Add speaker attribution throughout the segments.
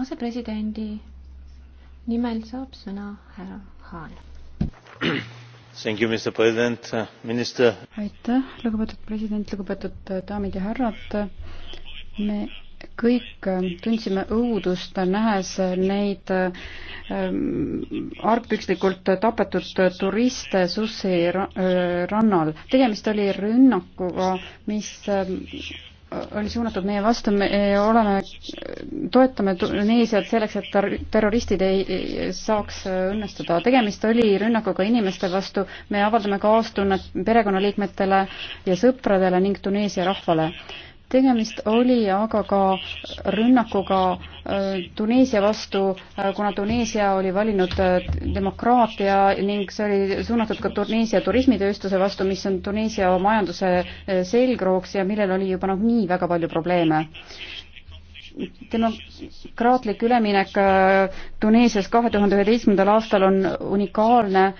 Speaker 1: asepresidendi nimel saab sõna härra Haan. Uh,
Speaker 2: aitäh, lugupeetud president, lugupeetud uh, daamid ja härrad. me kõik uh, tundsime õudust, nähes neid ähm, argpükslikult tapetud turiste Sussi rannal. tegemist oli rünnakuga, mis ähm, oli suunatud meie vastu, me eh, oleme, toetame Tuneesiat selleks, et tar-, terroristid ei saaks äh, õnnestuda. tegemist oli rünnakuga inimeste vastu, me avaldame kaastunnet perekonnaliikmetele ja sõpradele ning Tuneesia rahvale tegemist oli aga ka rünnakuga äh, Tuneesia vastu, äh, kuna Tuneesia oli valinud äh, demokraatia ning see oli suunatud ka Tuneesia turismitööstuse vastu, mis on Tuneesia majanduse selgrooks ja millel oli juba nagunii noh, väga palju probleeme demokraatlik üleminek Tuneesias kahe tuhande üheteistkümnendal aastal on unikaalne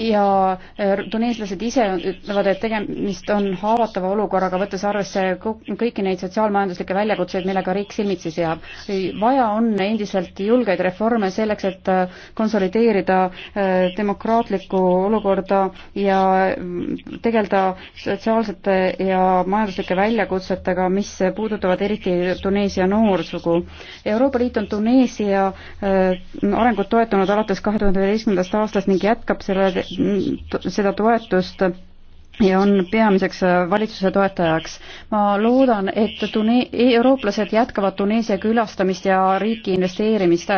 Speaker 2: ja äh, tuneeslased ise ütlevad, et tegemist on haavatava olukorraga, võttes arvesse kõiki neid sotsiaalmajanduslikke väljakutseid, millega riik silmitsi seab. vaja on endiselt julgeid reforme selleks, et äh, konsolideerida äh, demokraatlikku olukorda ja mm, tegeleda sotsiaalsete ja majanduslike väljakutsetega, mis puudutavad eriti Tuneesia noorsugu. Euroopa Liit on Tuneesia arengut toetanud alates kahe tuhande üheteistkümnendast aastast ning jätkab selle seda toetust ja on peamiseks äh, valitsuse toetajaks. ma loodan, et Tune-, eurooplased jätkavad Tuneesia külastamist ja riiki investeerimist.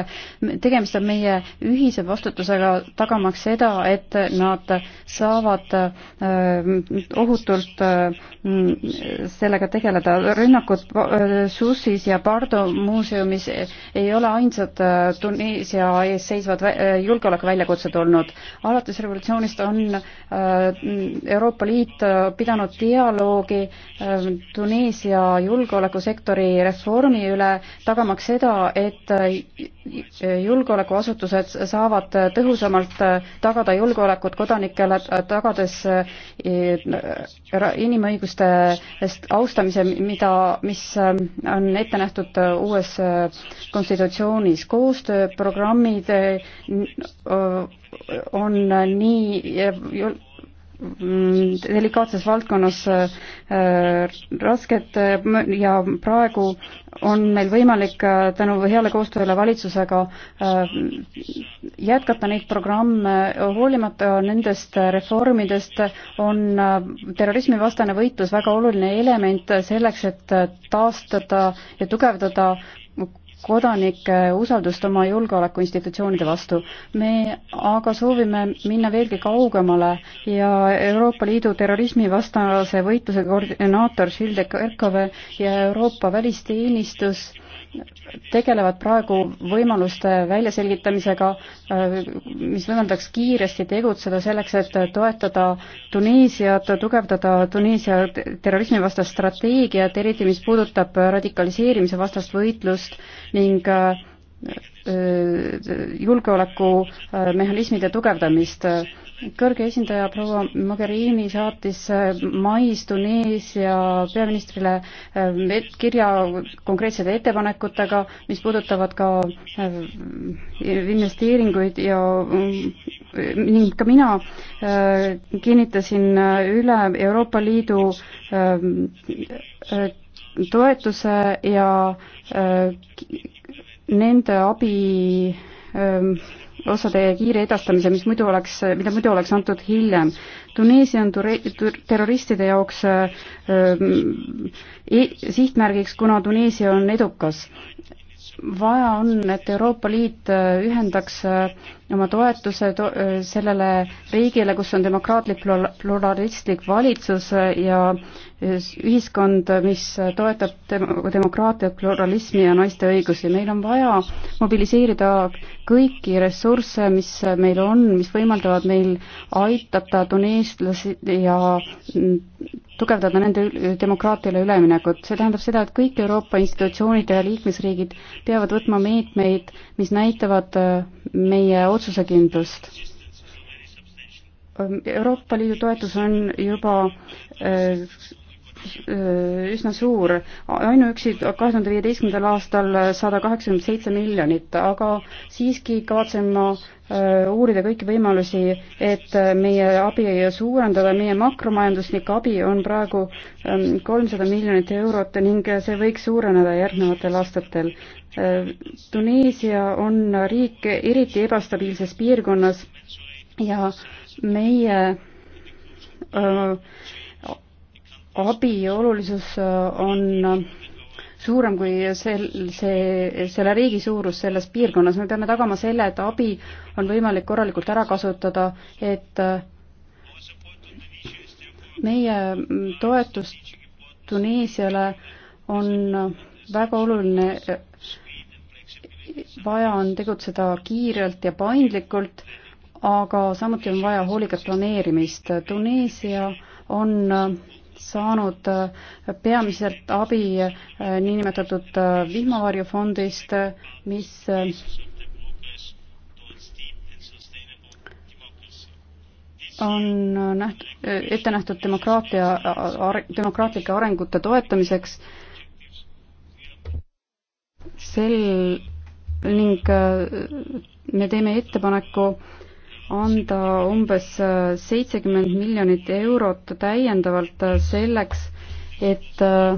Speaker 2: tegemist on meie ühise vastutusega, tagamaks seda, et nad saavad äh, ohutult äh, sellega tegeleda. rünnakud Sussis ja Bardo muuseumis ei ole ainsad Tuneesia ees seisvad julgeolekuväljakutsed olnud. alates revolutsioonist on Euroopa Euroopa Liit äh, pidanud dialoogi äh, Tuneesia julgeolekusektori reformi üle, tagamaks seda, et äh, julgeolekuasutused saavad tõhusamalt tagada julgeolekut kodanikele, tagades inimõiguste austamise, mida, mis on ette nähtud uues konstitutsioonis. koostööprogrammid on nii Mm, delikaatses valdkonnas äh, rasked äh, ja praegu on meil võimalik äh, tänu heale koostööle valitsusega jätkata neid programme, hoolimata nendest reformidest on terrorismivastane võitlus väga oluline element selleks, et taastada ja tugevdada kodanike usaldust oma julgeolekuinstitutsioonide vastu. me aga soovime minna veelgi kaugemale ja Euroopa Liidu terrorismivastase võitluse koordinaator Schilde Kerkove ja Euroopa välisteenistus tegelevad praegu võimaluste väljaselgitamisega, mis võimaldaks kiiresti tegutseda selleks, et toetada Tuneesiat, tugevdada Tuneesia terrorismivastast strateegiat, eriti mis puudutab radikaliseerimise vastast võitlust ning äh, äh, julgeolekumehhanismide tugevdamist kõrge esindaja proua Mogherini saatis äh, mais Tuneesia peaministrile äh, kirja konkreetsete ettepanekutega, mis puudutavad ka äh, investeeringuid ja ning ka mina kinnitasin üle Euroopa Liidu toetuse ja nende abi ähm, osade kiire edastamise, mis muidu oleks, mida muidu oleks antud hiljem. Tuneesia on ture-, terroristide jaoks äh, e sihtmärgiks, kuna Tuneesia on edukas vaja on, et Euroopa Liit äh, ühendaks äh, oma toetuse to äh, sellele riigile, kus on demokraatlik pluralistlik valitsus ja ühiskond, mis toetab demokraatiat, pluralismi ja naiste õigusi. meil on vaja mobiliseerida kõiki ressursse, mis meil on, mis võimaldavad meil aitata tuneeslasi ja mm, tugevdada nende demokraatiale üleminekut. see tähendab seda, et kõik Euroopa institutsioonid ja liikmesriigid peavad võtma meetmeid, mis näitavad äh, meie otsusekindlust. Euroopa Liidu toetus on juba äh, üsna suur, ainuüksi kahe tuhande viieteistkümnendal aastal sada kaheksakümmend seitse miljonit, aga siiski kavatsen ma äh, uurida kõiki võimalusi, et äh, meie abi suurendada, meie makromajanduslik abi on praegu ähm, kolmsada miljonit eurot ning see võiks suureneda järgnevatel aastatel. Äh, Tuneesia on riik eriti ebastabiilses piirkonnas ja meie öö, abi olulisus äh, on äh, suurem kui sel, see, selle riigi suurus selles piirkonnas, me peame tagama selle, et abi on võimalik korralikult ära kasutada, et äh, meie toetus Tuneesiale on väga oluline, vaja on tegutseda kiirelt ja paindlikult, aga samuti on vaja hoolikat planeerimist. Tuneesia on äh, saanud äh, peamiselt abi äh, niinimetatud äh, vihmavarjufondist, mis on näht-, ette nähtud demokraatia, demokraatlike arengute toetamiseks sel ning me teeme ettepaneku anda umbes äh, seitsekümmend miljonit eurot täiendavalt äh, selleks, et äh,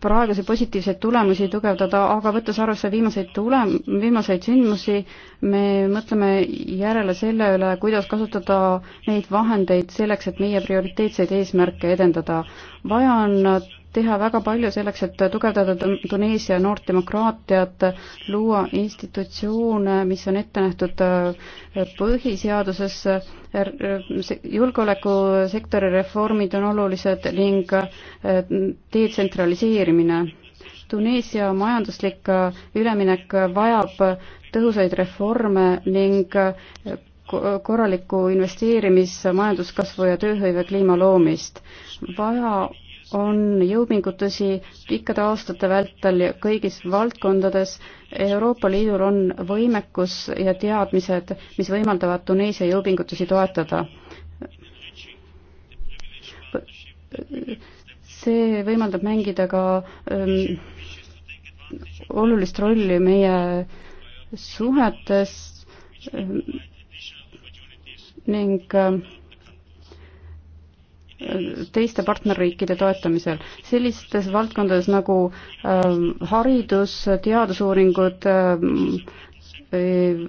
Speaker 2: praegusi positiivseid tulemusi tugevdada, aga võttes arvesse viimaseid tulem-, viimaseid sündmusi, me mõtleme järele selle üle, kuidas kasutada neid vahendeid selleks, et meie prioriteetseid eesmärke edendada. vaja on teha väga palju selleks, et tugevdada Tuneesia noort demokraatiat, luua institutsioone, mis on ette nähtud äh, põhiseaduses, er-, julgeolekusektori reformid on olulised ning äh, detsentraliseerimine. Tuneesia majanduslik äh, üleminek vajab tõhusaid reforme ning korralikku investeerimis-, majanduskasvu ja tööhõive kliima loomist. vaja on jõupingutusi pikkade aastate vältel kõigis valdkondades. Euroopa Liidul on võimekus ja teadmised, mis võimaldavad Tuneesia jõupingutusi toetada. see võimaldab mängida ka öö, ähm, olulist rolli meie suhetes öö, ähm, ning öö, ähm, teiste partnerriikide toetamisel. sellistes valdkondades nagu ähm, haridus, teadusuuringud, ähm, äh,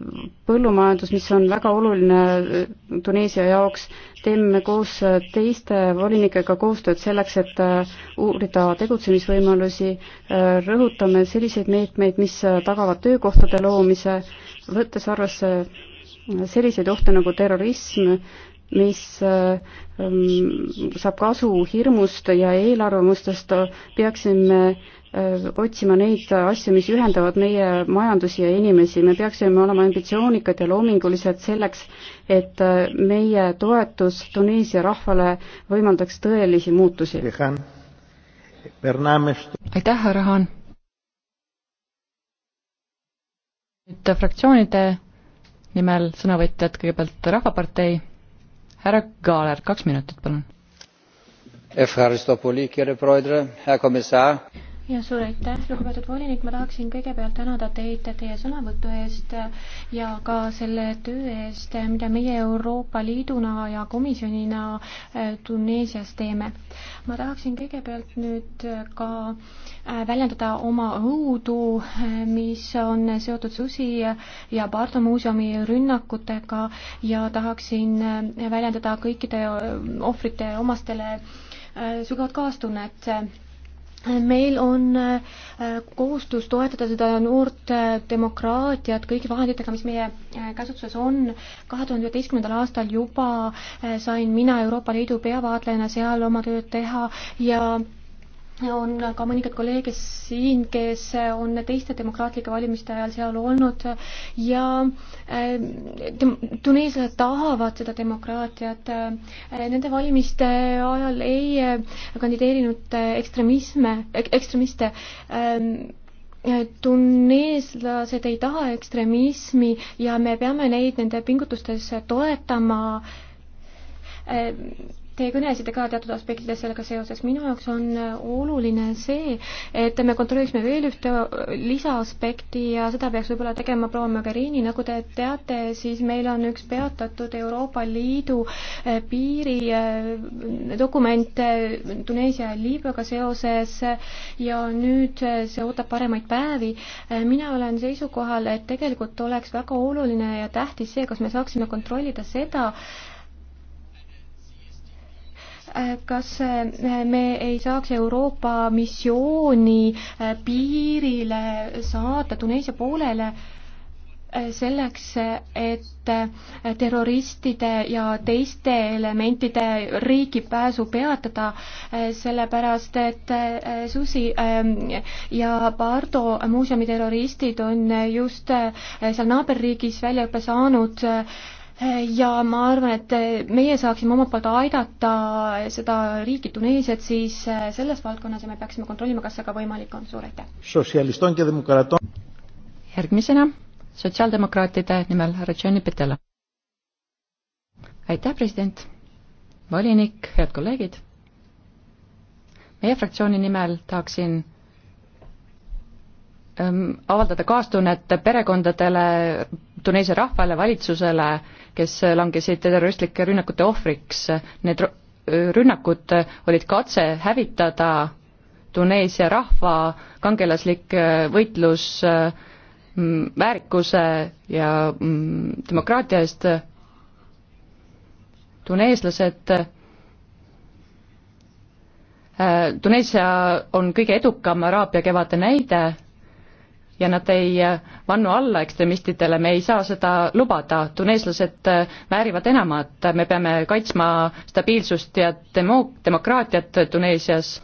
Speaker 2: põllumajandus, mis on väga oluline äh, Tuneesia jaoks, teeme koos äh, teiste volinikega koostööd selleks, et uurida tegutsemisvõimalusi, rõhutame selliseid meetmeid, mis tagavad töökohtade loomise, võttes arvesse selliseid ohte nagu terrorism, mis ähm, saab kasu hirmust ja eelarvamustest, peaksime äh, otsima neid asju, mis ühendavad meie majandusi ja inimesi, me peaksime olema ambitsioonikad ja loomingulised selleks, et äh, meie toetus Tuneesia rahvale võimaldaks tõelisi muutusi.
Speaker 3: aitäh, härra Haan! nüüd fraktsioonide nimel sõnavõtjad, kõigepealt Rahvapartei härra Kaaler, kaks minutit, palun
Speaker 1: ja suur aitäh, lugupeetud volinik, ma tahaksin kõigepealt tänada teid teie sõnavõtu eest ja ka selle töö eest, mida meie Euroopa Liiduna ja komisjonina äh, Tuneesias teeme. ma tahaksin kõigepealt nüüd ka äh, väljendada oma õudu, äh, mis on seotud Susi ja Bardo muuseumi rünnakutega ja tahaksin väljendada kõikide ohvrite omastele sügavat kaastunnet meil on äh, kohustus toetada seda noort äh, demokraatiat kõigi vahenditega, mis meie äh, käsutuses on. kahe tuhande üheteistkümnendal aastal juba sain mina Euroopa Liidu peavaatlejana seal oma tööd teha ja on ka mõningaid kolleege siin, kes on teiste demokraatlike valimiste ajal seal olnud ja eh, tuneeslased tahavad seda demokraatiat. Eh, nende valimiste ajal ei eh, kandideerinud ekstremisme, ekstremiste. tuneeslased ei taha ekstremismi ja me peame neid nende pingutustes toetama Te kõnelesite ka teatud aspektides sellega seoses. minu jaoks on äh, oluline see, et me kontrolliksime veel ühte lisaaspekti ja seda peaks võib-olla tegema proua Mogherini. nagu te teate, siis meil on üks peatatud Euroopa Liidu äh, piiridokument äh, Tuneesia ja Liibüaga seoses ja nüüd see ootab paremaid päevi. mina olen seisukohal, et tegelikult oleks väga oluline ja tähtis see, kas me saaksime kontrollida seda, kas eh, me ei saaks Euroopa missiooni eh, piirile saata Tuneesia poolele eh, selleks, et terroristide ja teiste elementide riiki pääsu peatada, sellepärast et Susi ehm, ja Bardo muuseumi terroristid on just seal naaberriigis väljaõppe saanud ja ma arvan, et meie saaksime omalt poolt aidata seda riiki Tuneesiat siis äh, selles valdkonnas ja me peaksime kontrollima, kas see ka võimalik on, suur aitäh!
Speaker 3: järgmisena sotsiaaldemokraatide nimel härra Gianni Petela. aitäh, president, volinik, head kolleegid! meie fraktsiooni nimel tahaksin Ähm, avaldada kaastunnet perekondadele, Tuneesia rahvale, valitsusele, kes langesid terroristlike rünnakute ohvriks. Need rünnakud olid katse hävitada Tuneesia rahva kangelaslik äh, võitlus äh, väärikuse ja demokraatia eest. tuneeslased äh, Tuneesia on kõige edukam Araabia kevade näide ja nad ei äh, vannu alla ekstremistidele, me ei saa seda lubada, tuneeslased äh, väärivad enamat, me peame kaitsma stabiilsust ja demo-, demokraatiat Tuneesias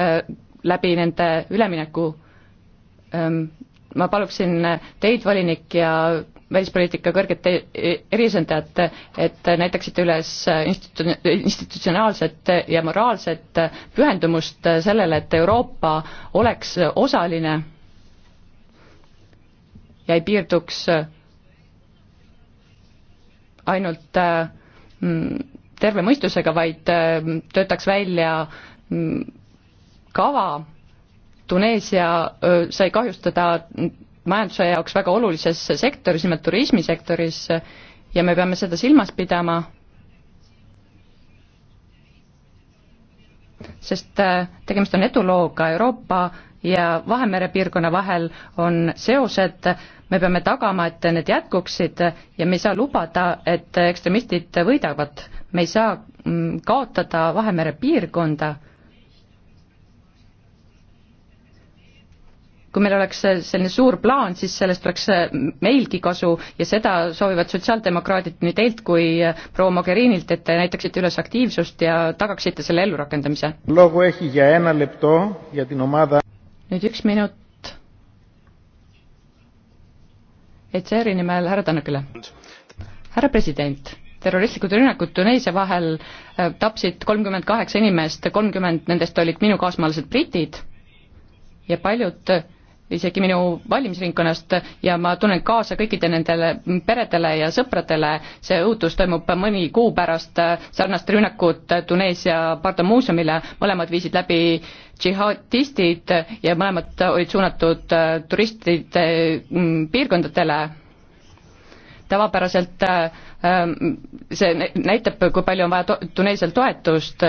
Speaker 3: äh, läbi nende ülemineku. Ähm, ma paluksin teid, volinik ja välispoliitika kõrget erisendajat, et näitaksite üles institu-, institutsionaalset ja moraalset pühendumust sellele, et Euroopa oleks osaline ja ei piirduks äh, ainult äh, mm, terve mõistusega, vaid äh, töötaks välja mm, kava, Tuneesia sai kahjustada majanduse jaoks väga olulises sektoris, nimelt turismisektoris, ja me peame seda silmas pidama, sest tegemist on edulooga, Euroopa ja Vahemere piirkonna vahel on seosed, me peame tagama, et need jätkuksid ja me ei saa lubada, et ekstremistid võidavad. me ei saa mm, kaotada Vahemere piirkonda. kui meil oleks selline suur plaan, siis sellest oleks meilgi kasu ja seda soovivad sotsiaaldemokraadid nii teilt kui proua Mogherinilt, et te näitaksite üles aktiivsust ja tagaksite selle ellurakendamise
Speaker 1: nüüd üks minut
Speaker 3: ECR-i nimel härra Tanakile. härra president, terroristlikud rünnakud Tuneesia vahel äh, tapsid kolmkümmend kaheksa inimest, kolmkümmend nendest olid minu kaasmaalased britid ja paljud isegi minu valimisringkonnast ja ma tunnen kaasa kõikide nendele peredele ja sõpradele, see õudus toimub mõni kuu pärast äh, sarnast rünnakut Tuneesia Bardo muuseumile, mõlemad viisid läbi džihadistid ja mõlemad olid suunatud äh, turistide mm, piirkondadele tavapäraselt äh, see näitab, kui palju on vaja Tuneesial toetust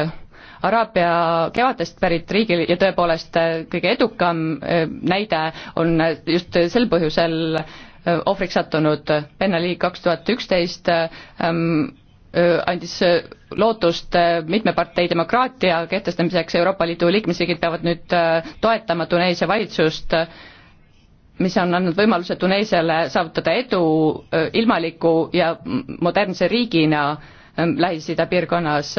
Speaker 3: Araabia kevadest pärit riigil ja tõepoolest äh, kõige edukam äh, näide on äh, just sel põhjusel ohvriks sattunud Ben Ali kaks tuhat üksteist ähm, andis lootust mitme partei demokraatia kehtestamiseks, Euroopa Liidu liikmesriigid peavad nüüd toetama Tuneesia valitsust, mis on andnud võimaluse Tuneesiale saavutada edu ilmaliku ja modernse riigina ähm, Lähis-Ida piirkonnas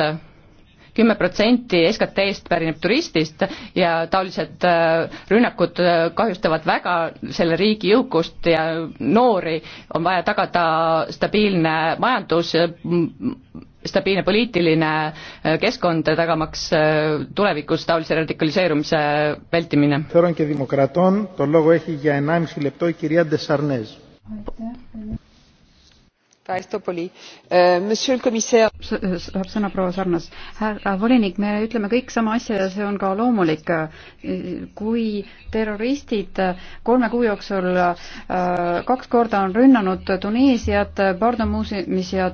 Speaker 3: kümme protsenti SKT-st pärineb turistist ja taolised äh, rünnakud äh, kahjustavad väga selle riigi jõukust ja noori, on vaja tagada stabiilne majandus, äh, stabiilne poliitiline keskkond, tagamaks tulevikus taolise radikaliseerumise vältimine. aitäh.
Speaker 2: Äh, saab sõna proua Sarnas. härra volinik, me ütleme kõik sama asja ja see on ka loomulik. kui terroristid kolme kuu jooksul äh, kaks korda on rünnanud Tuneesiat, Bardo muuseumis ja,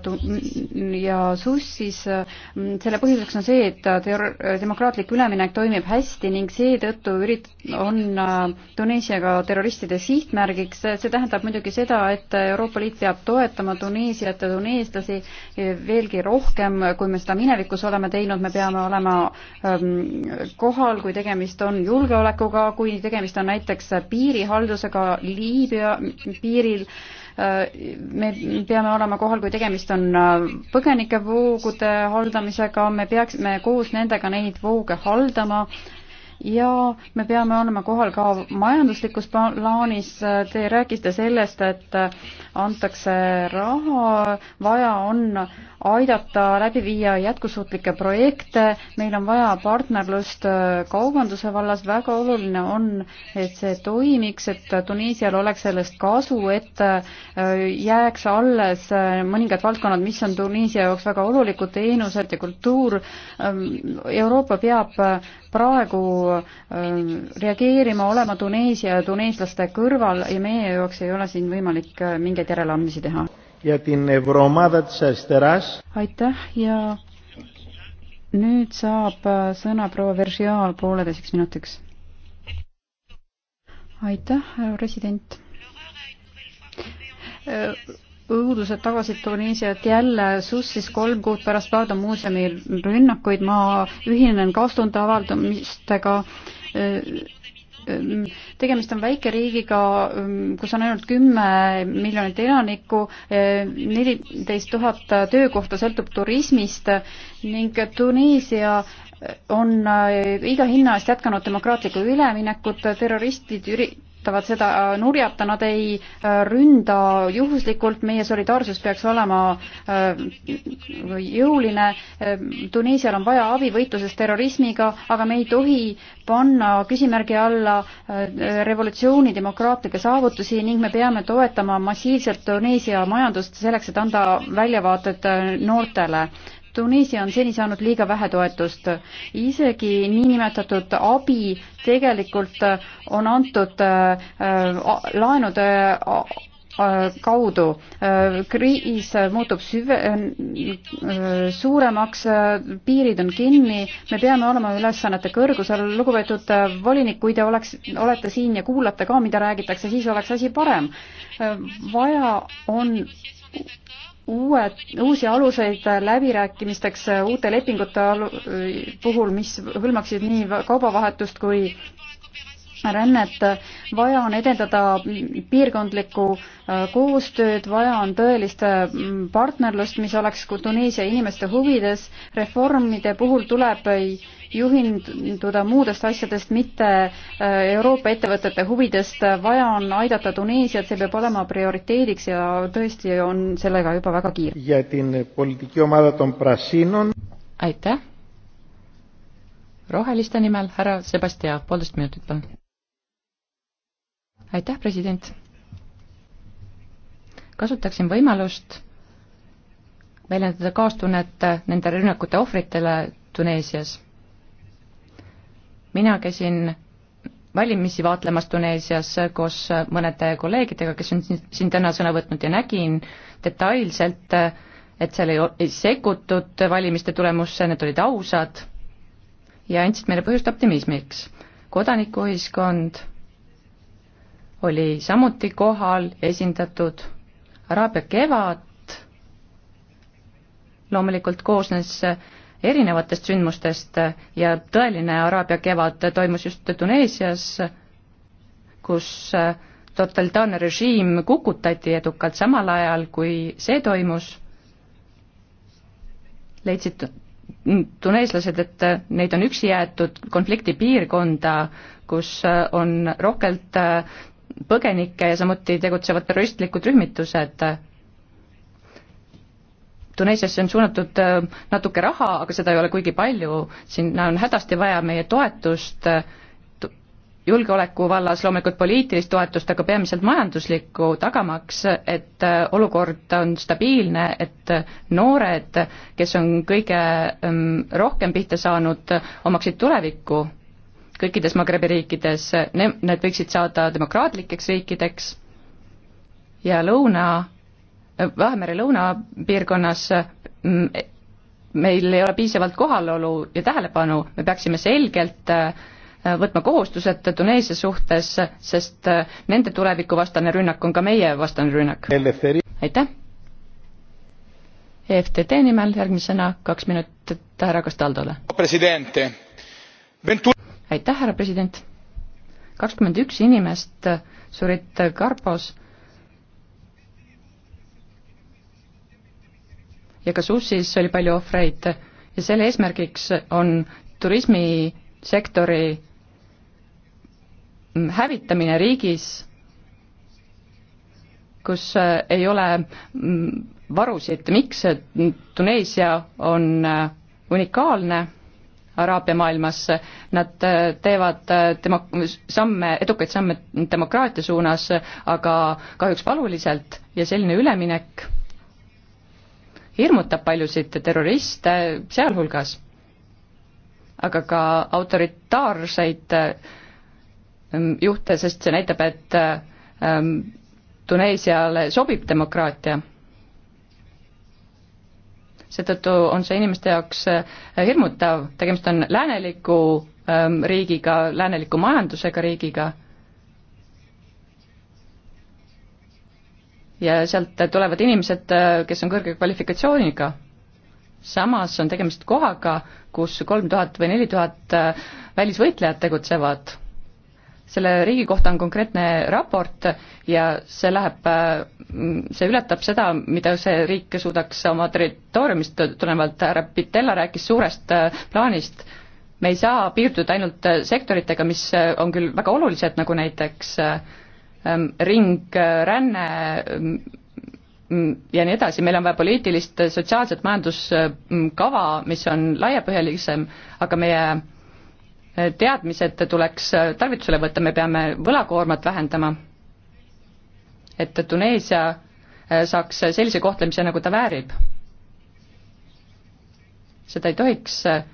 Speaker 2: ja Sus, siis mm, selle põhjuseks on see, et terror, demokraatlik üleminek toimib hästi ning seetõttu ürit-, on äh, Tuneesia ka terroristide sihtmärgiks. see tähendab muidugi seda, et Euroopa Liit peab toetama Tuneesiat Tuneesiat ja tuneeslasi veelgi rohkem, kui me seda minevikus oleme teinud, me peame olema ähm, kohal, kui tegemist on julgeolekuga, kui tegemist on näiteks piirihaldusega Liibüa piiril, äh, me peame olema kohal, kui tegemist on äh, põgenikevoogude haldamisega, me peaksime koos nendega neid vooge haldama ja me peame olema kohal ka majanduslikus plaanis. Te rääkisite sellest, et antakse raha, vaja on aidata läbi viia jätkusuutlikke projekte, meil on vaja partnerlust äh, kaubanduse vallas, väga oluline on, et see toimiks, et Tuneesial oleks sellest kasu, et äh, jääks alles äh, mõningad valdkonnad, mis on Tuneesia jaoks väga olulikud, teenused ja kultuur. Ähm, Euroopa peab praegu reageerima, olema Tuneesia ja tuneeslaste kõrval ja meie jaoks ei ole siin võimalik mingeid järeleandmisi teha
Speaker 1: ja την Ευρωομάδα της Αριστεράς.
Speaker 2: Aitäh ja nüüd saab sõna proua Veržiaal pooleteiseks minutiks. aitäh, härra president. õudused tagasi Tuneesiat jälle sussis kolm kuud pärast Paada muuseumi rünnakuid. ma ühinen kaastundavaldamistega Ehm, tegemist on väikeriigiga, ehm, kus on ainult kümme miljonit elanikku, ehm, neliteist tuhat töökohta sõltub turismist ning Tuneesia on iga hinna eest jätkanud demokraatlikku üleminekut, terroristid üri-, kasutavad seda nurjata, nad ei äh, ründa juhuslikult, meie solidaarsus peaks olema äh, jõuline. Äh, Tuneesial on vaja abi võitluses terrorismiga, aga me ei tohi panna küsimärgi alla revolutsiooni demokraatlikke saavutusi ning me peame toetama massiivselt Tuneesia majandust selleks, et anda väljavaated noortele. Tuneesia on seni saanud liiga vähe toetust. isegi niinimetatud abi tegelikult on antud äh, laenude äh, äh, kaudu. kriis muutub süve-, suuremaks, piirid on kinni, me peame olema ülesannete kõrgusel, lugupeetud volinik, kui te oleks, olete siin ja kuulate ka, mida räägitakse, siis oleks asi parem. vaja on uued, uusi aluseid läbirääkimisteks äh, uute lepingute alu, puhul, mis hõlmaksid nii kaubavahetust kui rännet, vaja on edendada piirkondlikku äh, koostööd, vaja on tõelist äh, partnerlust, mis oleks Tuneesia inimeste huvides. reformide puhul tuleb juhinduda muudest asjadest, mitte äh, Euroopa ettevõtete huvidest. vaja on aidata Tuneesiat, see peab olema prioriteediks ja tõesti on sellega juba väga kiire.
Speaker 3: aitäh roheliste nimel härra Sebastia, poolteist minutit palun aitäh, president! kasutaksin võimalust väljendada kaastunnet nende rünnakute ohvritele Tuneesias. mina käisin valimisi vaatlemas Tuneesias koos mõnede kolleegidega, kes on siin täna sõna võtnud ja nägin detailselt, et seal ei, ei sekkutud valimiste tulemusse, need olid ausad ja andsid meile põhjust optimismiks. kodanikuühiskond oli samuti kohal esindatud Araabia kevad loomulikult koosnes erinevatest sündmustest ja tõeline Araabia kevad toimus just Tuneesias, kus totalitaarne režiim kukutati edukalt samal ajal, kui see toimus, leidsid tuneeslased, et neid on üksi jäetud konfliktipiirkonda, kus on rohkelt põgenikke ja samuti tegutsevad terroristlikud rühmitused. Tuneesiasse on suunatud äh, natuke raha, aga seda ei ole kuigi palju, sinna on hädasti vaja meie toetust, julgeoleku vallas loomulikult poliitilist toetust, aga peamiselt majanduslikku, tagamaks, et äh, olukord on stabiilne, et äh, noored, kes on kõige ähm, rohkem pihta saanud, omaksid tulevikku kõikides Magrebi riikides, need võiksid saada demokraatlikeks riikideks ja lõuna, Vahemere lõunapiirkonnas mm, meil ei ole piisavalt kohalolu ja tähelepanu, me peaksime selgelt äh, võtma kohustused Tuneesia suhtes, sest äh, nende tulevikuvastane rünnak on ka meie vastane rünnak. aitäh! EFTT nimel järgmisena kaks minutit härra Costaldole aitäh, härra president! kakskümmend üks inimest surid Karpos ja ka Sussis oli palju ohvreid ja selle eesmärgiks on turismisektori hävitamine riigis, kus ei ole varusid, miks Tuneesia on unikaalne Araabia maailmas, nad äh, teevad äh, demo-, samme, edukaid samme demokraatia suunas, aga kahjuks valuliselt ja selline üleminek hirmutab paljusid terroriste sealhulgas, aga ka autoritaarseid ähm, juhte, sest see näitab, et ähm, Tuneesiale sobib demokraatia seetõttu on see inimeste jaoks äh, hirmutav, tegemist on lääneliku ähm, riigiga, lääneliku majandusega riigiga ja sealt tulevad inimesed, äh, kes on kõrge kvalifikatsiooniga. samas on tegemist kohaga, kus kolm tuhat või neli tuhat äh, välisvõitlejat tegutsevad selle riigi kohta on konkreetne raport ja see läheb, see ületab seda, mida see riik suudaks oma territooriumist tulenevalt, härra Pitella rääkis suurest äh, plaanist, me ei saa piirduda ainult äh, sektoritega, mis äh, on küll väga olulised, nagu näiteks ähm, ringränne mm, mm, ja nii edasi, meil on vaja poliitilist sotsiaalset majanduskava, mis on laiapõhjalisem, aga meie teadmised tuleks tarvitusele võtta, me peame võlakoormat vähendama, et Tuneesia äh, saaks sellise kohtlemise, nagu ta väärib. seda ei tohiks ähm,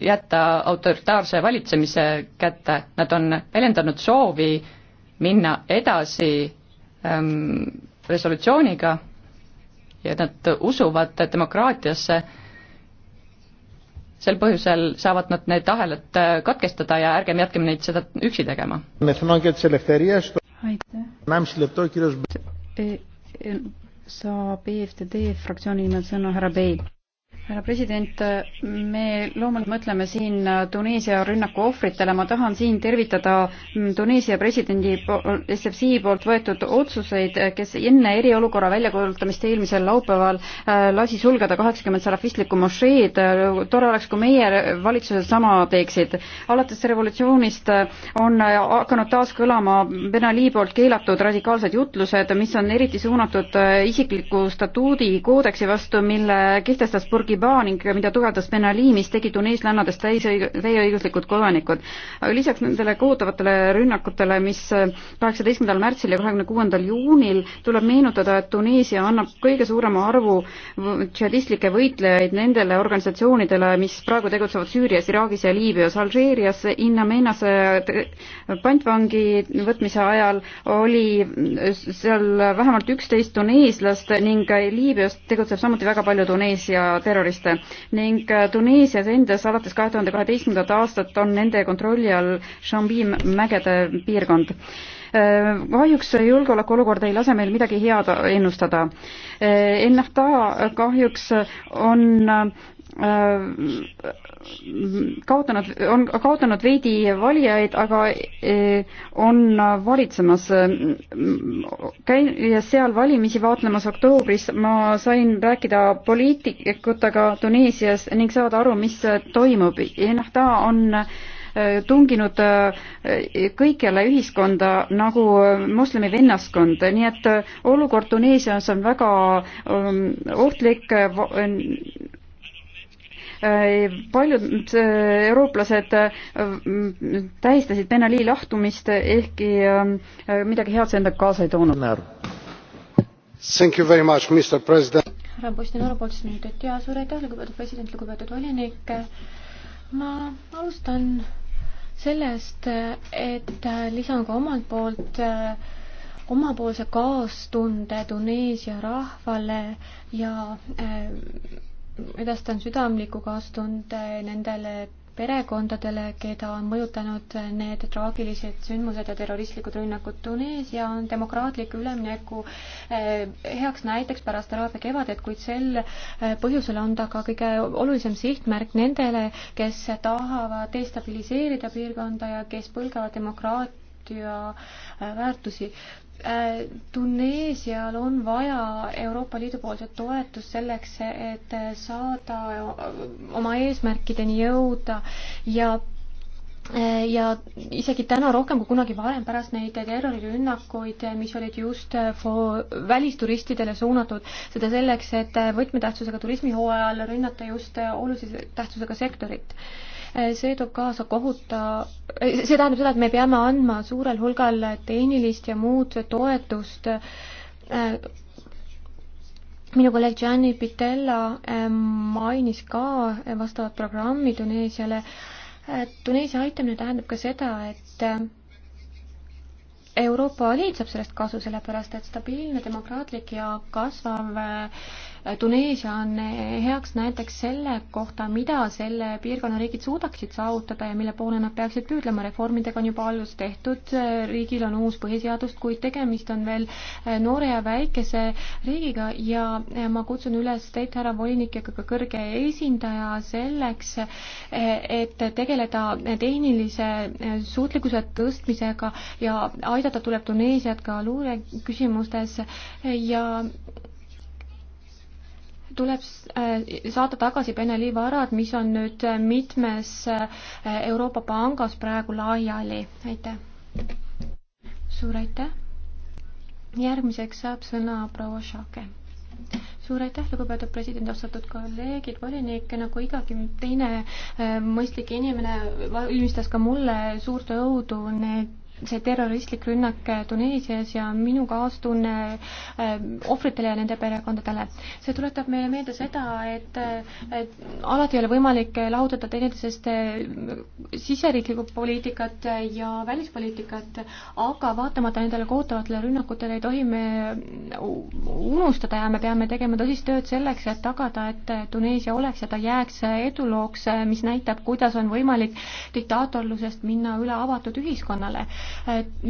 Speaker 3: jätta autoritaarse valitsemise kätte, nad on väljendanud soovi minna edasi ähm, resolutsiooniga ja nad usuvad demokraatiasse sel põhjusel saavad nad need ahelad äh, katkestada ja ärgem jätkem neid seda üksi tegema.
Speaker 1: aitäh. E,
Speaker 2: e, saab EFTD fraktsiooni nimel sõna härra Bey härra president, me loomulikult mõtleme siin Tuneesia rünnaku ohvritele, ma tahan siin tervitada Tuneesia presidendi SFC poolt võetud otsuseid, kes enne eriolukorra väljakuulutamist eelmisel laupäeval äh, lasi sulgeda kaheksakümmend salafistlikku mošeed, tore oleks, kui meie valitsused sama teeksid. alates revolutsioonist äh, on äh, hakanud taas kõlama Ben Ali poolt keelatud radikaalsed jutlused, mis on eriti suunatud isikliku statuudi koodeksi vastu, mille kehtestas Burkina Al-Kiba ning mida tugevdas Ben Ali, mis tegi tuneeslannadest täieõiguslikud kodanikud. lisaks nendele kohutavatele rünnakutele, mis äh, kaheksateistkümnendal märtsil ja kahekümne kuuendal juunil tuleb meenutada, et Tuneesia annab kõige suurema arvu džihadistlikke võitlejaid nendele organisatsioonidele, mis praegu tegutsevad Süürias, Iraagis ja Liibüas, Alžeerias, Innamenase äh, pantvangi võtmise ajal oli äh, seal vähemalt üksteist tuneeslast ning Liibüas tegutseb samuti väga palju Tuneesia terroriste terroriste ning äh, Tuneesias endas alates kahe tuhande kaheteistkümnendat aastat on nende kontrolli all Shambi mägede piirkond äh, kahjuks julgeolekuolukord ei lase meil midagi head ennustada. Äh, NFTA kahjuks on kaotanud, on kaotanud veidi valijaid, aga eh, on valitsemas. Mm, käies seal valimisi vaatlemas oktoobris, ma sain rääkida poliitikutega Tuneesias ning saada aru, mis toimub. noh, ta on eh, tunginud eh, kõikjale ühiskonda nagu moslemi vennaskond, nii et olukord Tuneesias on väga mm, ohtlik paljud äh, eurooplased äh, tähistasid Ben Ali lahtumist, ehkki äh, midagi head see endaga kaasa ei toonud.
Speaker 1: härra Postinaru poolt siis minutit ja suur aitäh, lugupeetud president, lugupeetud volinik. ma alustan sellest, et lisan ka omalt poolt omapoolse kaastunde Tuneesia rahvale ja äh, edastan südamliku kaastunde nendele perekondadele, keda on mõjutanud need traagilised sündmused ja terroristlikud rünnakud Tuneesia on demokraatliku ülemineku eh, heaks näiteks pärast Araabia kevadet, kuid sel eh, põhjusel on ta ka kõige olulisem sihtmärk nendele, kes tahavad destabiliseerida piirkonda ja kes põlgavad demokraatia eh, väärtusi Äh, Tuneesial on vaja Euroopa Liidu poolset toetust selleks, et äh, saada äh, oma eesmärkideni jõuda ja ja isegi täna rohkem kui kunagi varem pärast neid terrorirünnakuid, mis olid just välisturistidele suunatud, seda selleks, et võtmetähtsusega turismihooajal rünnata just olulise tähtsusega sektorit see toob kaasa kohuta, see tähendab seda, et me peame andma suurel hulgal tehnilist ja muud toetust. minu kolleeg Gianni Pitella ähm, mainis ka vastavat programmi Tuneesiale. Äh, Tuneesia aitamine tähendab ka seda, et äh, Euroopa Liit saab sellest kasu, sellepärast et stabiilne, demokraatlik ja kasvav äh, Tuneesia on heaks näiteks selle kohta, mida selle piirkonna riigid suudaksid saavutada ja mille poole nad peaksid püüdlema. reformidega on juba algus tehtud, riigil on uus põhiseadus, kuid tegemist on veel eh, noore ja väikese riigiga ja ma kutsun üles teid, härra volinik, ja ka kõrge esindaja selleks, eh, et tegeleda tehnilise eh, suutlikkuse tõstmisega ja aidata tuleb Tuneesiat ka luureküsimustes ja tuleb äh, saada tagasi Beneli varad, mis on nüüd äh, mitmes äh, Euroopa pangas praegu laiali. aitäh. suur aitäh. järgmiseks saab sõna proua Šake suur aitäh, lugupeetud president, austatud kolleegid, volinik, nagu igagi teine mõistlik inimene valmistas ka mulle suurt õudu need see terroristlik rünnak äh, Tuneesias ja minu kaastunne äh, ohvritele ja nende perekondadele. see tuletab meile meelde seda, et, äh, et alati ei ole võimalik lahutada teineteisest siseriiklikku poliitikat ja välispoliitikat, aga vaatamata nendele kohutavatele rünnakutele ei tohi me unustada ja me peame tegema tõsist tööd selleks, et tagada, et Tuneesia oleks ja ta jääks edulooks, mis näitab, kuidas on võimalik diktaatorlusest minna üle avatud ühiskonnale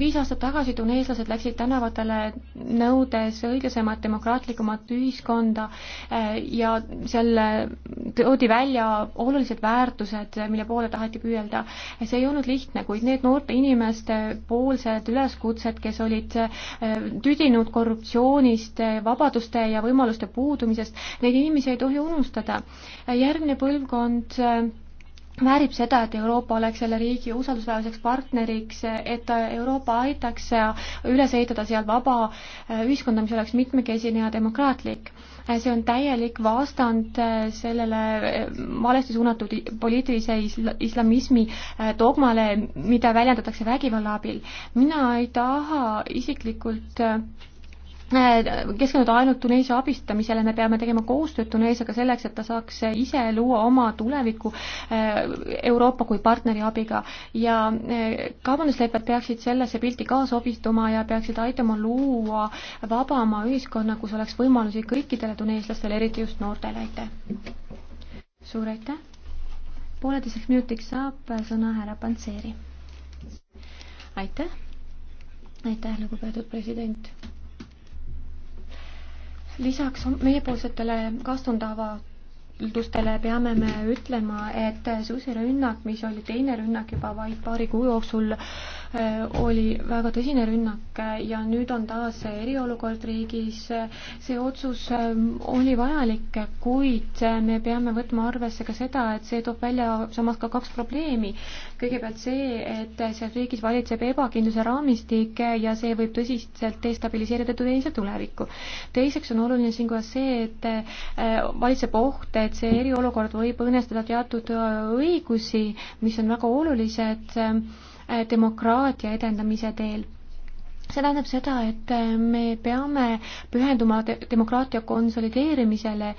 Speaker 1: viis aastat tagasi tuneeslased läksid tänavatele nõudes õiglasemat, demokraatlikumat ühiskonda eh, ja seal toodi välja olulised väärtused, mille poole taheti püüelda. see ei olnud lihtne, kuid need noorte inimeste poolsed üleskutsed, kes olid eh, tüdinud korruptsioonist, vabaduste ja võimaluste puudumisest, neid inimesi ei tohi unustada. järgmine põlvkond eh, väärib seda, et Euroopa oleks selle riigi usaldusväärseks partneriks, et Euroopa aitaks üles ehitada seal vaba äh, ühiskonda, mis oleks mitmekesine ja demokraatlik. Äh, see on täielik vastand äh, sellele valesti suunatud poliitilise islamismi dogmale, mida väljendatakse vägivalla abil. mina ei taha isiklikult Äh, keskenduda ainult Tuneesia abistamisele, me peame tegema koostööd Tuneesiaga selleks, et ta saaks ise luua oma tuleviku äh, Euroopa kui partneri abiga ja äh, kaubanduslepped peaksid sellesse pilti ka sobistuma ja peaksid aitama luua vabama ühiskonna, kus oleks võimalusi kõikidele tuneeslastele, eriti just noortele, aitäh! suur aitäh! pooleteiseks minutiks saab sõna härra Pantseri. aitäh! aitäh, lugupeetud president lisaks meiepoolsetele kastundavaldustele peame me ütlema, et Susi rünnak, mis oli teine rünnak juba vaid paari kuu jooksul, Äh, oli väga tõsine rünnak äh, ja nüüd on taas eriolukord riigis. see otsus ähm, oli vajalik, kuid äh, me peame võtma arvesse ka seda, et see toob välja samas ka kaks probleemi. kõigepealt see, et seal riigis valitseb ebakindluse raamistik ja see võib tõsiselt destabiliseerida Tuneesia tulevikku. teiseks on oluline siinkohal see, et valitseb oht, et see eriolukord võib õõnestada teatud õigusi, mis on väga olulised ähm, demokraatia edendamise teel see tähendab seda, et me peame pühenduma demokraatia konsolideerimisele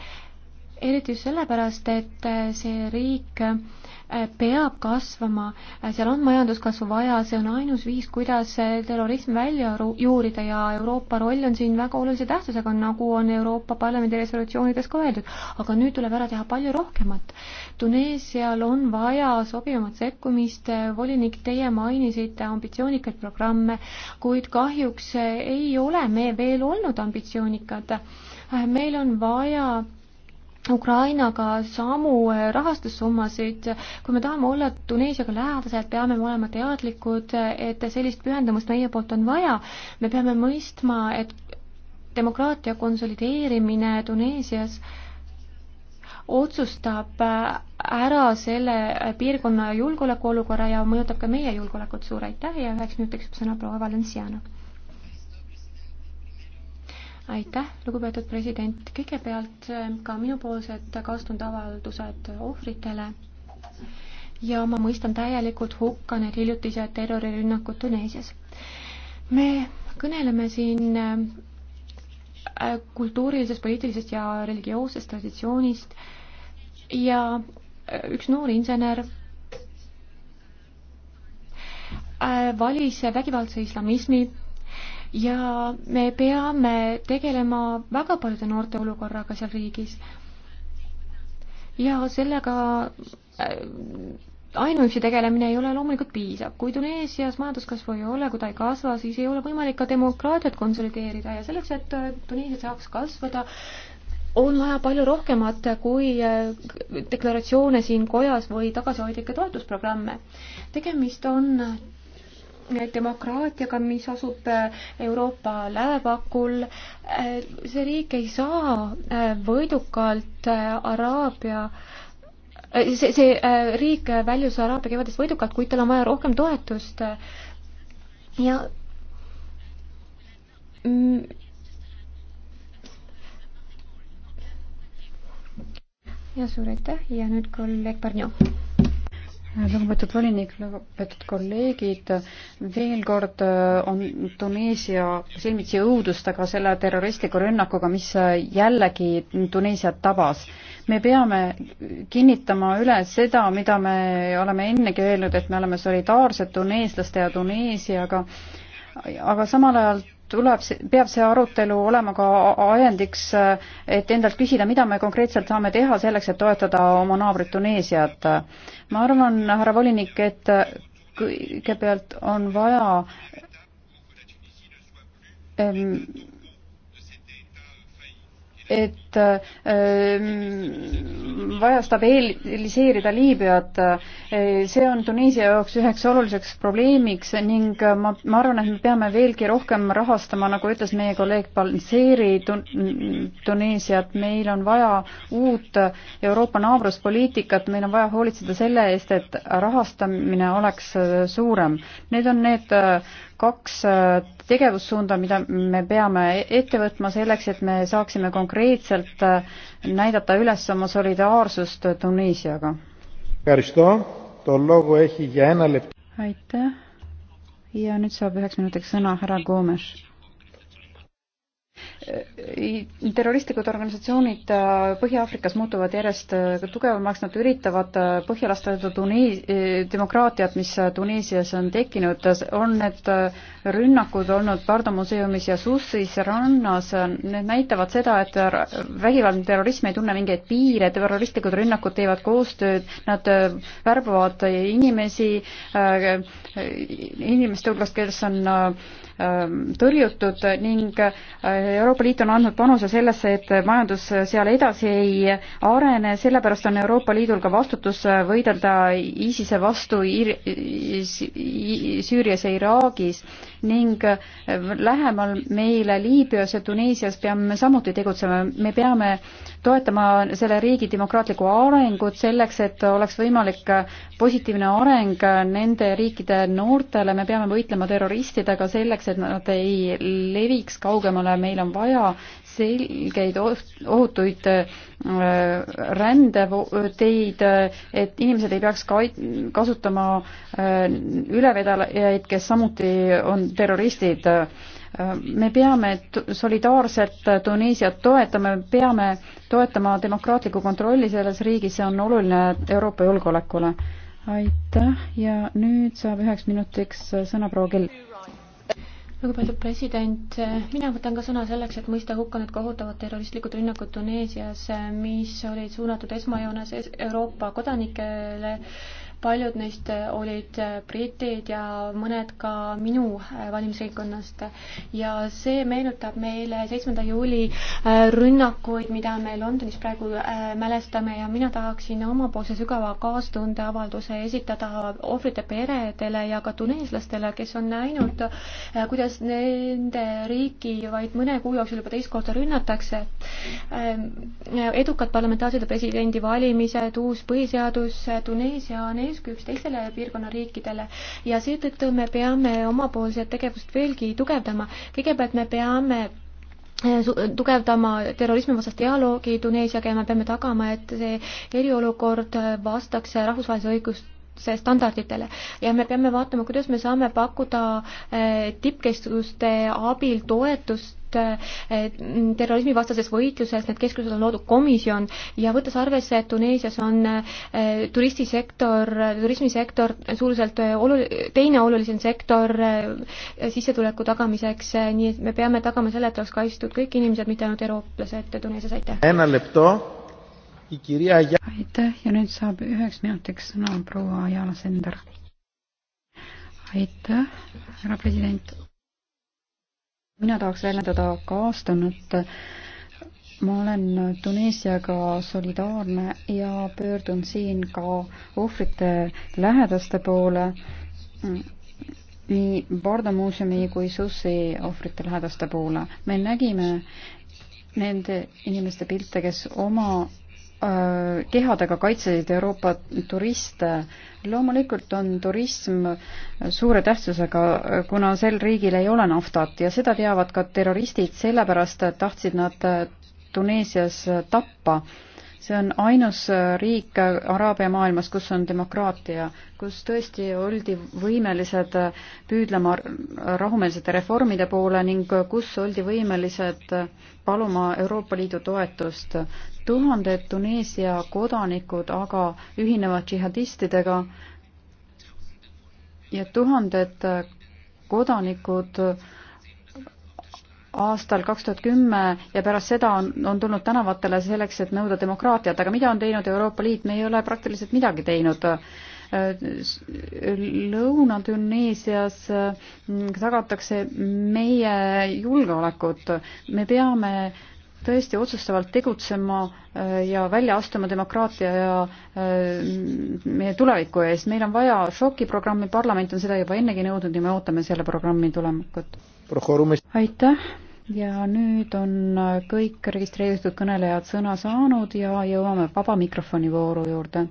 Speaker 1: eriti sellepärast, et äh, see riik äh, peab kasvama, äh, seal on majanduskasvu vaja, see on ainus viis, kuidas terrorism välja juurida ja Euroopa roll on siin väga olulise tähtsusega, nagu on Euroopa Parlamendi resolutsioonides ka öeldud. aga nüüd tuleb ära teha palju rohkemat. Tuneesial on vaja sobivamat sekkumist, volinik, teie mainisite ambitsioonikaid programme, kuid kahjuks ei ole me veel olnud ambitsioonikad. meil on vaja Ukrainaga samu äh, rahastussummasid, kui me tahame olla Tuneesiaga lähedased, peame me olema teadlikud, äh, et sellist pühendumust meie poolt on vaja, me peame mõistma, et demokraatia konsolideerimine Tuneesias otsustab äh, ära selle piirkonna julgeolekuolukorra ja mõjutab ka meie julgeolekut, suur aitäh ja üheks minutiks sõna proua Valenciana aitäh, lugupeetud president, kõigepealt äh, ka minupoolsed kaastundavaldused ohvritele ja ma mõistan täielikult hukka need hiljutised terrorirünnakud Tuneesias. me kõneleme siin äh, äh, kultuurilisest, poliitilisest ja religioossest traditsioonist ja üks noor insener valis vägivaldse islamismi ja me peame tegelema väga paljude noorte olukorraga seal riigis. ja sellega äh, ainuüksi tegelemine ei ole loomulikult piisav, kui Tuneesias majanduskasvu ei ole, kui ta ei kasva, siis ei ole võimalik ka demokraatiat konsolideerida ja selleks, et äh, Tuneesia saaks kasvada, on vaja palju rohkemat kui äh, deklaratsioone siin kojas või tagasihoidlikke toetusprogramme. tegemist on demokraatiaga, mis asub äh, Euroopa lääpakul. Äh, see riik ei saa äh, võidukalt Araabia see, see riik väljus Araabia kevadest võidukalt, kuid tal on vaja rohkem toetust. ja mm, ja suur aitäh ja nüüd kolleeg Pärnu
Speaker 2: lugupeetud volinik, lugupeetud kolleegid, veel kord äh, on Tuneesia silmitsi õudustega selle terroristliku rünnakuga, mis äh, jällegi Tuneesiat tabas. me peame kinnitama üle seda, mida me oleme ennegi öelnud, et me oleme solidaarsed tuneeslaste ja Tuneesiaga, aga samal ajal tuleb, peab see arutelu olema ka ajendiks, et endalt küsida, mida me konkreetselt saame teha selleks, et toetada oma naabrit Tuneesiat. ma arvan, härra volinik, et kõigepealt on vaja et et ehm, vaja stabiliseerida Liibüat. see on Tuneesia jaoks üheks oluliseks probleemiks ning ma, ma arvan, et me peame veelgi rohkem rahastama, nagu ütles meie kolleeg Balseeri Tuneesiat, meil on vaja uut Euroopa naabruspoliitikat, meil on vaja hoolitseda selle eest, et rahastamine oleks suurem. Need on need kaks tegevussuunda, mida me peame ette võtma selleks, et me saaksime konkreetselt ühiselt äh, näidata üles oma solidaarsust Tuneesiaga. aitäh ja nüüd saab üheks minutiks sõna härra Gomes terroristlikud organisatsioonid äh, Põhja-Aafrikas muutuvad järjest äh, tugevamaks, nad üritavad äh, põhja lasta seda Tuniis-, demokraatiat, mis Tuniisias on tekkinud, on need rünnakud olnud Pardo muuseumis ja Sussis rannas, need näitavad seda, et vägivaldne terrorism ei tunne mingeid piire, terroristlikud rünnakud teevad koostööd, nad värbavad inimesi, inimeste hulgast, kes on Ähm, tõrjutud ning äh, Euroopa Liit on andnud panuse sellesse, et majandus seal edasi ei arene, sellepärast on Euroopa Liidul ka vastutus äh, võidelda ISISe vastu Ir-, Süürias ja Iraagis ning äh, lähemal meile Liibüas ja Tuneesias peame samuti tegutsema, me peame toetama selle riigi demokraatlikku arengut selleks, et oleks võimalik positiivne areng nende riikide noortele, me peame võitlema terroristidega selleks, selleks, et nad ei leviks kaugemale, meil on vaja selgeid ohutuid äh, rändeteid, et inimesed ei peaks kait-, kasutama äh, ülevedelejaid, kes samuti on terroristid. Äh, me peame solidaarselt Tuneesiat toetama, me peame toetama demokraatlikku kontrolli selles riigis, see on oluline Euroopa julgeolekule aitäh ja nüüd saab üheks minutiks sõna proua Kell
Speaker 1: lugupeetud president, mina võtan ka sõna selleks, et mõista hukka need kohutavad terroristlikud rünnakud Tuneesias, mis olid suunatud esmajoones Euroopa kodanikele paljud neist olid britid ja mõned ka minu äh, valimisringkonnast ja see meenutab meile seitsmenda juuli äh, rünnakuid, mida me Londonis praegu äh, mälestame ja mina tahaksin omapoolse sügava kaastunde avalduse esitada ohvrite peredele ja ka tuneeslastele, kes on näinud, kuidas nende riiki vaid mõne kuu jooksul juba teist korda rünnatakse. Ähm, edukad parlamentaarsed ja presidendivalimised, uus põhiseadus, Tuneesia on ees ees kui üksteisele piirkonna riikidele ja seetõttu me peame omapoolset tegevust veelgi tugevdama. kõigepealt me peame eh, tugevdama terrorismivastast dialoogi Tuneesiaga ja me peame tagama, et see eriolukord eh, vastaks rahvusvahelise õigust see standarditele ja me peame vaatama, kuidas me saame pakkuda eh, tippkeskuste abil toetust eh, terrorismivastases võitluses, need keskused on loodud komisjon ja võttes arvesse, et Tuneesias on eh, turistisektor, turismisektor suuruselt olul-, teine olulisem sektor sissetuleku tagamiseks, nii et me peame tagama selle, et oleks kaitstud kõik inimesed, mitte ainult eurooplased Tuneesias,
Speaker 2: aitäh!
Speaker 1: aitäh
Speaker 2: ja nüüd saab üheks minutiks sõna proua Jaala Sender. aitäh, härra president. mina tahaks väljendada kaastunnet ma olen Tuneesiaga solidaarne ja pöördun siin ka ohvrite lähedaste poole, nii Barda muuseumi kui Sussi ohvrite lähedaste poole. me nägime nende inimeste pilte, kes oma Äh, kehadega kaitsesid Euroopa turiste. loomulikult on turism suure tähtsusega, kuna sel riigil ei ole naftat ja seda teavad ka terroristid, sellepärast tahtsid nad Tuneesias tappa see on ainus äh, riik äh, Araabia maailmas, kus on demokraatia, kus tõesti oldi võimelised äh, püüdlema rahumeelsete reformide poole ning kus oldi võimelised paluma Euroopa Liidu toetust. tuhanded Tuneesia kodanikud aga ühinevad džihadistidega ja tuhanded kodanikud äh, aastal kaks tuhat kümme ja pärast seda on, on tulnud tänavatele selleks, et nõuda demokraatiat, aga mida on teinud Euroopa Liit, me ei ole praktiliselt midagi teinud. Lõuna-Tuneesias mm, tagatakse meie julgeolekut, me peame tõesti otsustavalt tegutsema äh, ja välja astuma demokraatia ja äh, meie tuleviku ees. meil on vaja šokiprogrammi, parlament on seda juba ennegi nõudnud ja me ootame selle programmi tulemikut. aitäh ja nüüd on kõik registreeritud kõnelejad sõna saanud ja jõuame vaba mikrofoni vooru juurde.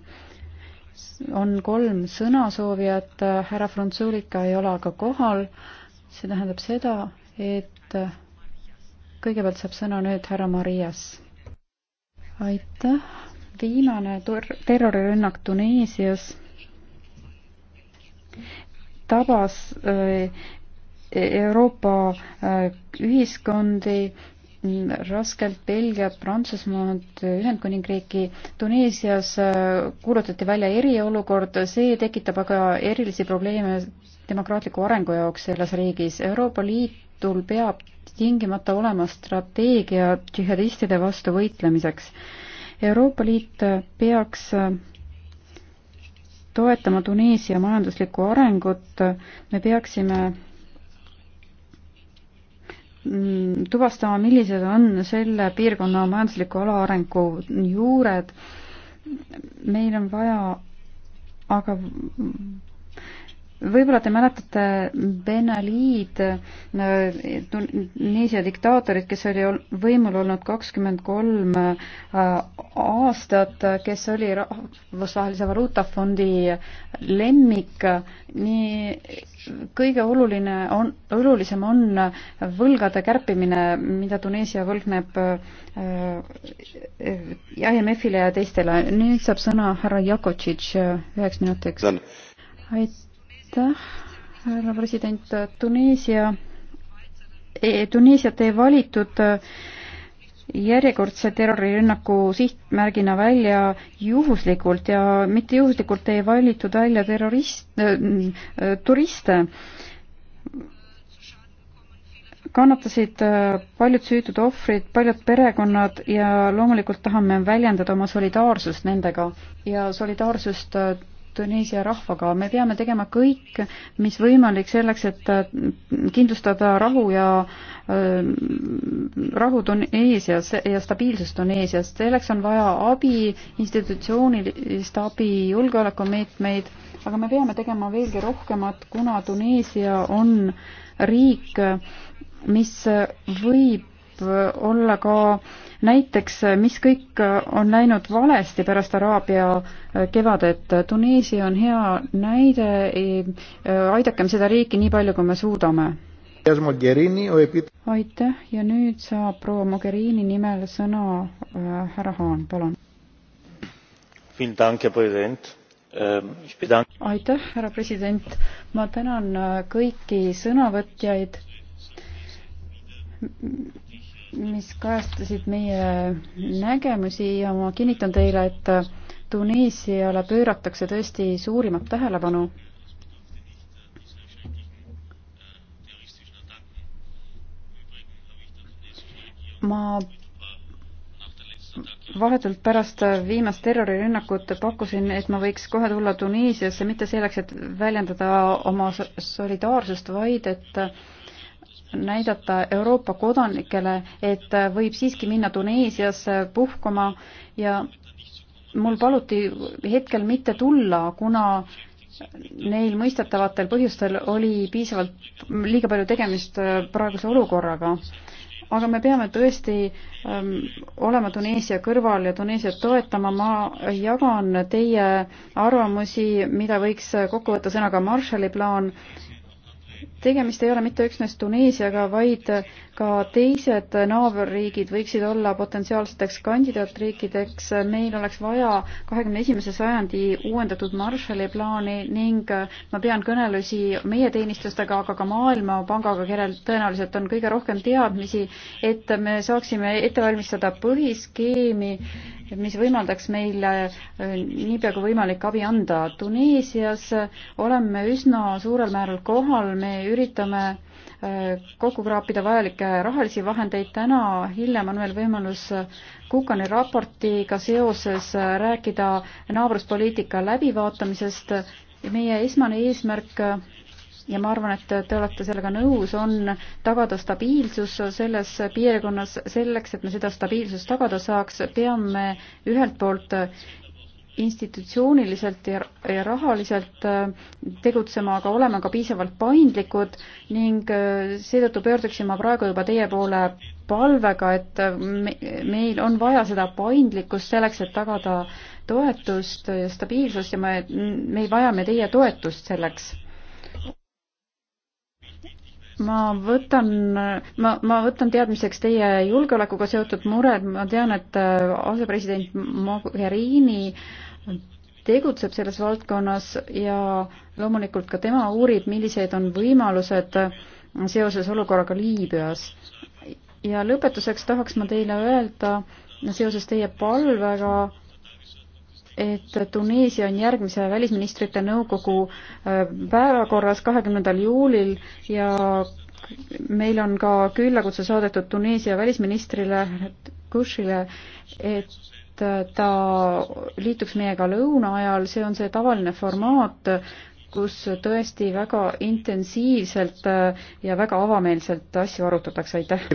Speaker 2: on kolm sõnasoovijat, härra Frunzulika ei ole aga kohal, see tähendab seda, et kõigepealt saab sõna nüüd härra Marias. aitäh, viimane terrorirünnak Tuneesias tabas äh, Euroopa äh, ühiskondi, raskelt Belgiat, Prantsusmaad, Ühendkuningriiki, Tuneesias äh, kuulutati välja eriolukord, see tekitab aga erilisi probleeme demokraatliku arengu jaoks selles riigis. Euroopa Liitul peab tingimata olema strateegia džihadistide vastu võitlemiseks. Euroopa Liit peaks äh, toetama Tuneesia majanduslikku arengut, me peaksime Mm, tuvastama, millised on selle piirkonna majandusliku alaarengu juured. meil on vaja aga võib-olla te mäletate Ben Alid, äh, Tunisia diktaatorit, kes oli võimul olnud kakskümmend kolm äh, aastat, kes oli Rahvusvahelise Valuutafondi lemmik, nii kõige oluline on, olulisem on võlgade kärpimine, mida Tuneesia võlgneb äh, IMF-ile ja teistele. nüüd saab sõna härra Jakotšitš üheks minutiks. aitäh aitäh, härra president, Tuneesia e,, Tuneesiat ei valitud äh, järjekordse terrorirünnaku sihtmärgina välja juhuslikult ja mitte juhuslikult ei valitud välja terrorist äh,, äh turiste. kannatasid äh, paljud süütud ohvrid, paljud perekonnad ja loomulikult tahame väljendada oma solidaarsust nendega ja solidaarsust Tuneesia rahvaga, me peame tegema kõik, mis võimalik selleks, et äh, kindlustada rahu ja äh, rahu Tuneesias ja stabiilsus Tuneesias, selleks on vaja abi, institutsioonilist abi, julgeolekumeetmeid, aga me peame tegema veelgi rohkemat, kuna Tuneesia on riik, mis võib olla ka näiteks, mis kõik on läinud valesti pärast Araabia kevadet. Tuneesia on hea näide, aidakem seda riiki nii palju, kui me suudame. aitäh ja nüüd saab proua Mogherini nimel sõna äh, härra Haan, palun.
Speaker 1: Ähm,
Speaker 2: aitäh, härra president, ma tänan äh, kõiki sõnavõtjaid mis kajastasid meie nägemusi ja ma kinnitan teile, et Tuneesiale pööratakse tõesti suurimat tähelepanu. ma vahetult pärast viimast terrorirünnakut pakkusin, et ma võiks kohe tulla Tuneesiasse mitte selleks, et väljendada oma solidaarsust, vaid et äh, näidata Euroopa kodanikele, et võib siiski minna Tuneesiasse puhkama ja mul paluti hetkel mitte tulla, kuna neil mõistetavatel põhjustel oli piisavalt, liiga palju tegemist äh, praeguse olukorraga. aga me peame tõesti ähm, olema Tuneesia kõrval ja Tuneesiat toetama, ma jagan teie arvamusi, mida võiks kokku võtta sõnaga Marshalli plaan tegemist ei ole mitte üksnes Tuneesiaga, vaid ka teised naaberriigid võiksid olla potentsiaalseteks kandidaatriikideks. meil oleks vaja kahekümne esimese sajandi uuendatud Marshalli plaani ning ma pean kõnelusi meie teenistustega, aga ka Maailmapangaga, kellel tõenäoliselt on kõige rohkem teadmisi, et me saaksime ette valmistada põhiskeemi, mis võimaldaks meil äh, niipea kui võimalik abi anda. Tuneesias oleme üsna suurel määral kohal, me üritame äh, kokku kraapida vajalikke rahalisi vahendeid. täna hiljem on meil võimalus äh, Kukani raportiga seoses äh, rääkida naabruspoliitika läbivaatamisest. meie esmane eesmärk ja ma arvan, et te olete sellega nõus, on tagada stabiilsus selles piirkonnas. selleks, et me seda stabiilsust tagada saaks, peame ühelt poolt institutsiooniliselt ja rahaliselt äh, tegutsema, aga olema ka piisavalt paindlikud ning äh, seetõttu pöörduksin ma praegu juba teie poole palvega, et äh, meil on vaja seda paindlikkust selleks, et tagada toetust ja stabiilsust ja me, me vajame teie toetust selleks ma võtan, ma, ma võtan teadmiseks teie julgeolekuga seotud mured, ma tean, et äh, asepresident Mogherini tegutseb selles valdkonnas ja loomulikult ka tema uurib, millised on võimalused äh, seoses olukorraga Liibüas. ja lõpetuseks tahaks ma teile öelda seoses teie palvega et Tuneesia on järgmise välisministrite nõukogu äh, päevakorras kahekümnendal juulil ja meil on ka küllakutse saadetud Tuneesia välisministrile Bushile, et äh, ta liituks meiega lõuna ajal, see on see tavaline formaat, kus tõesti väga intensiivselt äh, ja väga avameelselt asju arutatakse, aitäh!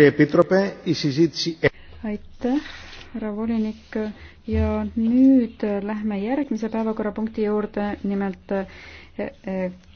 Speaker 2: aitäh! härra volinik ja nüüd lähme järgmise päevakorrapunkti juurde, nimelt eh, eh,